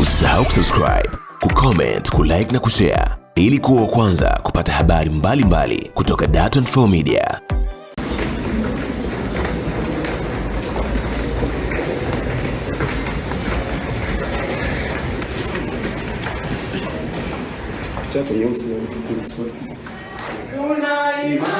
Usisahau kusubscribe, kucomment, kulike na kushare ili kuwa kwanza kupata habari mbalimbali mbali kutoka Dar24 Media. Tuna imani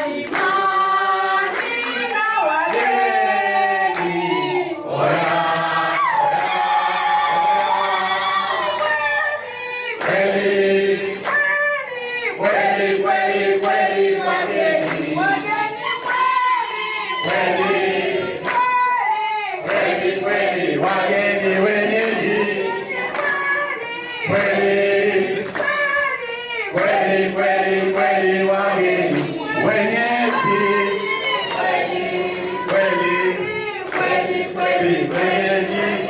wageni wenyeji, kweli kweli kweli kweli, wageni wenyeji, kweli kweli kweli wenyeji.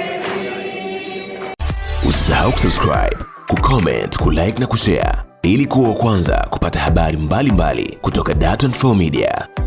Usisahau kusubscribe, kucomment, kulike na kushare ili kuwa wa kwanza kupata habari mbalimbali mbali kutoka Dar24 Media.